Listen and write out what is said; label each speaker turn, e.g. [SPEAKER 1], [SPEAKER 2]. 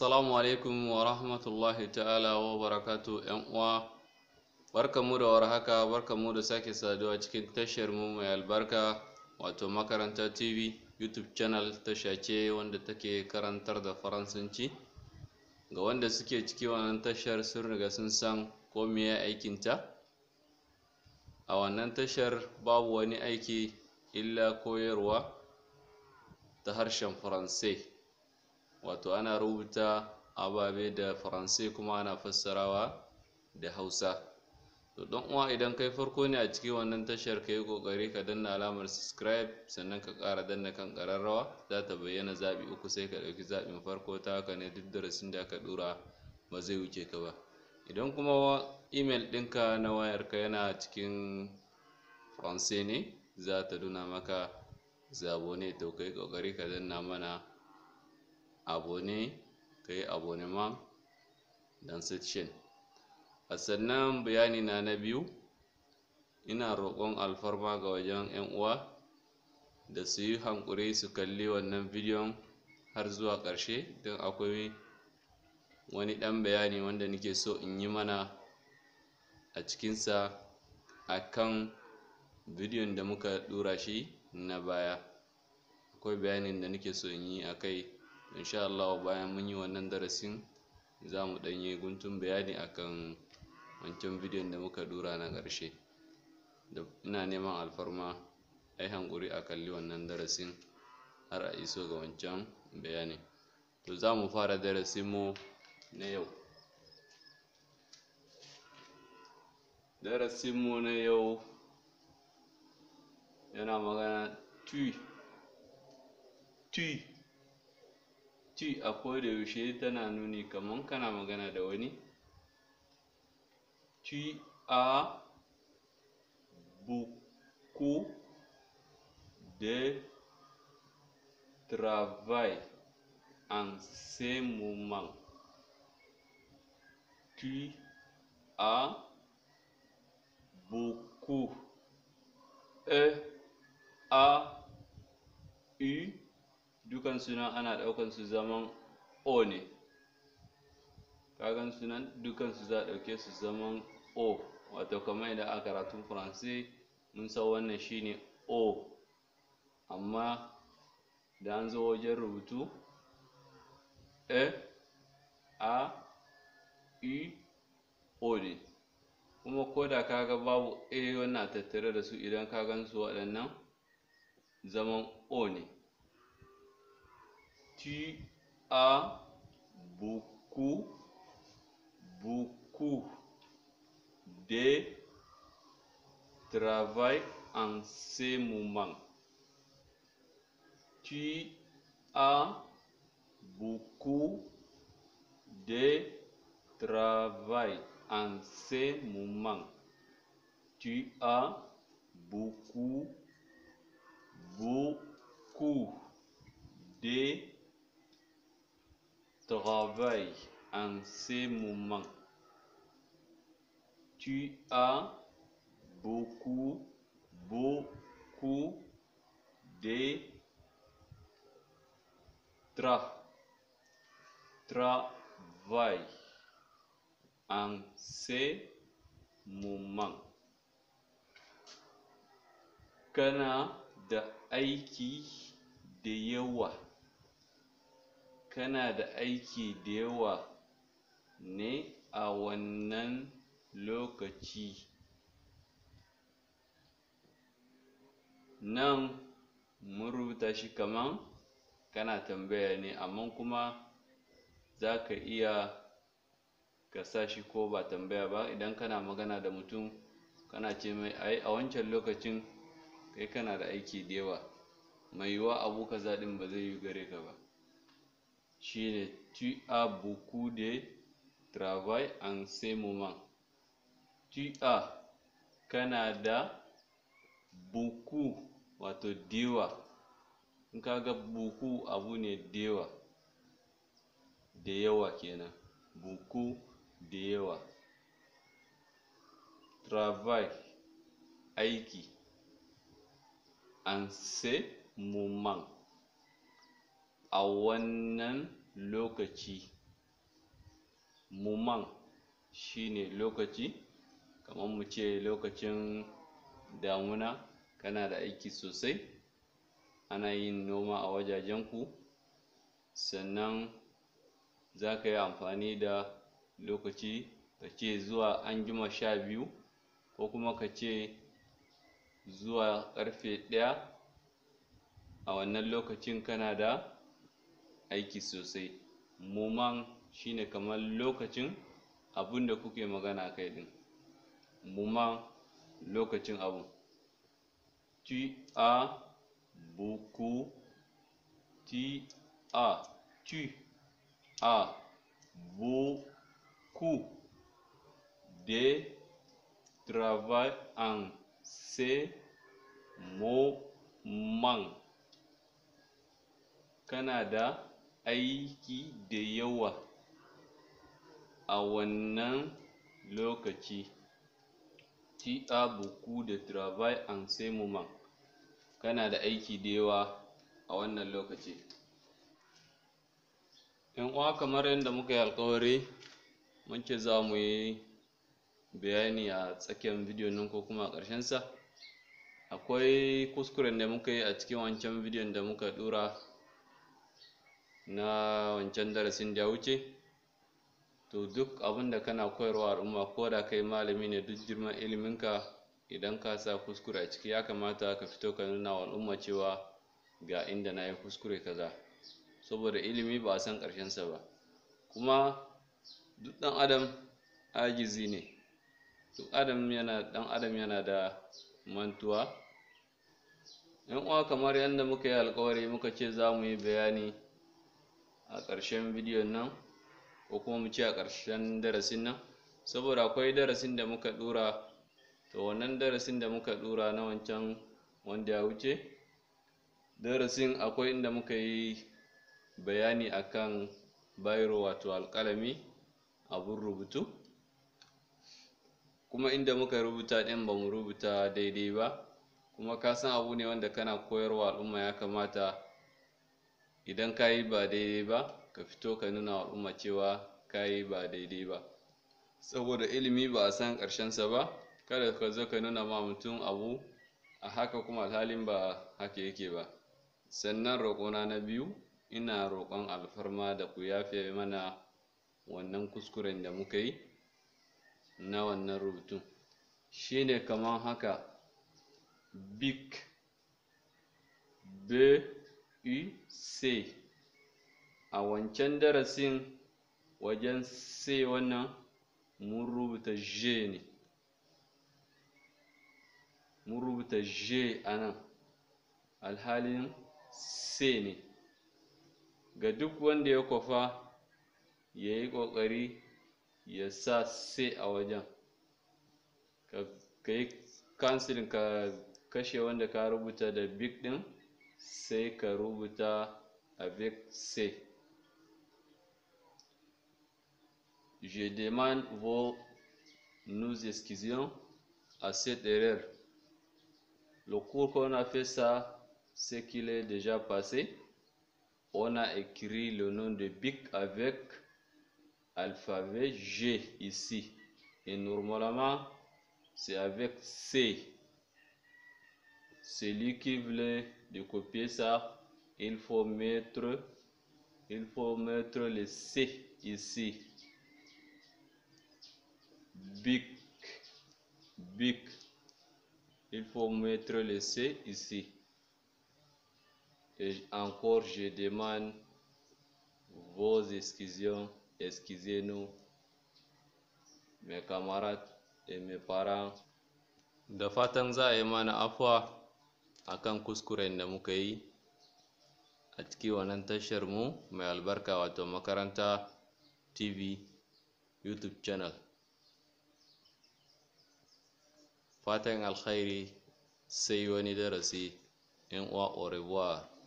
[SPEAKER 1] assalamu alaikum wa rahmatullahi ta'ala wa barakatu yan uwa Barka mu da warhaka mu da sake saduwa cikin tashar mu mai albarka wato makaranta tv youtube channel tasha ce wanda take karantar da faransanci ga wanda suke ciki wannan tashar sun riga sun san ko meye aikinta a wannan tashar babu wani aiki illa koyarwa ta harshen faransai wato ana rubuta ababe da faransai kuma ana fassarawa da hausa to don uwa idan kai farko ne a cikin wannan tashar ka yi kokari ka danna alamar subscribe sannan ka ƙara danna kan kararrawa za ta bayyana zaɓi uku sai ka ɗauki zaɓin farko ta haka ne duk darasin da aka ɗora ba zai wuce ka ba idan kuma email ɗinka na wayarka yana cikin faransai ne za ta nuna maka zabo ne to kai kokari ka danna mana abone ka yi ma don section a sannan bayani na na biyu ina roƙon alfarma ga wajen 'yan uwa da su yi hankuri su kalli wannan bidiyon har zuwa ƙarshe don akwai wani ɗan bayani wanda nake so in yi mana a cikinsa a kan bidiyon da muka ɗora shi na baya akwai bayanin da nake so in yi a kai insha Allah bayan mun yi wannan darasin za mu ɗan yi guntun bayani akan wancan bidiyon da muka dura na ƙarshe da ina neman alfarma ai hankuri a kalli wannan darasin har a iso ga wancan bayani to za mu fara darasin mu na yau darasin mu na yau yana magana tui tui Ci a yaushe tana nuni kamar kana magana da wani. Ci a buku de travail en ce moment. Tu a beaucoup. E a eu dukan sunan ana daukan su zaman o ne kagan sunan dukan su za a dauke su zaman o wato kamar idan a karatun faransai mun san wannan shine o amma da an zo wajen rubutu e a i o ne kuma ko da ga babu a wannan tattare da su idan ka gan su waɗannan zaman o ne Tu as beaucoup, beaucoup de travail en ce moment. Tu as beaucoup de travail en ce moment. Tu as beaucoup, beaucoup de travaille en ce moment. Tu as beaucoup, beaucoup de travail en ce moments. Kana da aiki de kana da aiki da yawa ne a wannan lokaci nan mun rubuta shi kaman kana tambaya ne amma kuma za ka iya ka sa shi ko ba tambaya ba idan kana magana da mutum kana ce mai ai a wancan lokacin kai kana da aiki da yawa mai yiwuwa abu kaza ɗin ba zai yi gare ka ba shine tu as beaucoup de travail en ce moment tu as kana da beaucoup wato dewa in ka ga buku abu ne dewa da yawa kenan buku da yawa travail aiki an se moment a wannan lokaci muman shine lokaci kamar mu ce lokacin damuna kana da aiki sosai ana yin noma a wajajen ku sannan za ka yi amfani da lokaci ka ce zuwa anjima sha biyu ko kuma ka ce zuwa karfe ɗaya a wannan lokacin kana da aiki sosai muman shine kamar lokacin abun da kuke magana kai ɗin moment lokacin abun ti a buku ti a ti a buku de travail en ce moment kana da aiki da yawa a wannan lokaci Tia buku da travail en ce moment kana da aiki da yawa a wannan lokaci Yan uwa kamar yadda muka yi alƙawari mun ce za mu yi bayani a tsakiyar bidiyon nan ko kuma a ƙarshen sa akwai kuskuren da muka yi a cikin wancan bidiyon da muka ɗora na wancan darasin da ya wuce to duk abinda kana koyarwa al'umma ko da kai malami ne duk girman iliminka idan ka sa kuskure a ciki ya kamata ka fito ka nuna wa al'umma cewa ga inda na yi kuskure kaza saboda ilimi ba a san ƙarshensa ba kuma duk ɗan adam ajizi ne duk adam yana ɗan adam yana da mantuwa yan uwa kamar yadda muka yi alkawari muka ce za mu yi bayani a ƙarshen bidiyon nan ko kuma mu ce a ƙarshen darasin nan saboda akwai darasin da muka ɗora to wannan darasin da muka ɗora na wancan wanda ya wuce darasin akwai inda muka yi bayani akan bayro wato alƙalami abun rubutu kuma inda muka rubuta ɗin ba mu rubuta daidai ba kuma ka san abu ne wanda kana koyarwa al'umma ya kamata idan ka yi ba daidai ba ka fito ka nuna wa al'umma cewa ka yi ba daidai ba saboda ilimi ba a san ƙarshen sa ba kada ka zo ka nuna ma mutum abu a haka kuma alhalin ba haka yake ba sannan roƙona na biyu ina roƙon alfarma da ku yafe mana wannan kuskuren da muka yi na wannan rubutun shine kamar haka big b UC a wancan darasin wajen C wannan mun rubuta J ne mun rubuta J a nan alhalin C ne ga duk wanda ya kwafa ya yi ƙoƙari ya sa C a wajen ka yi kansilin ka kashe wanda ka rubuta da big ɗin C Karubuta avec C. Je demande vos nous excusions à cette erreur. Le cours qu'on a fait ça, c'est qu'il est déjà passé. On a écrit le nom de BIC avec alphabet G ici. Et normalement, c'est avec C. Celui qui voulait de copier ça, il faut mettre, il faut mettre le C ici. Bic, bic. Il faut mettre le C ici. Et encore, je demande vos excuses, excusez-nous, mes camarades et mes parents. de fatanza et mana akan kuskuren da muka yi a ciki wannan tashar mu mai albarka wato makaranta tv youtube channel fatan alkhairi sai wani darasi in uwa au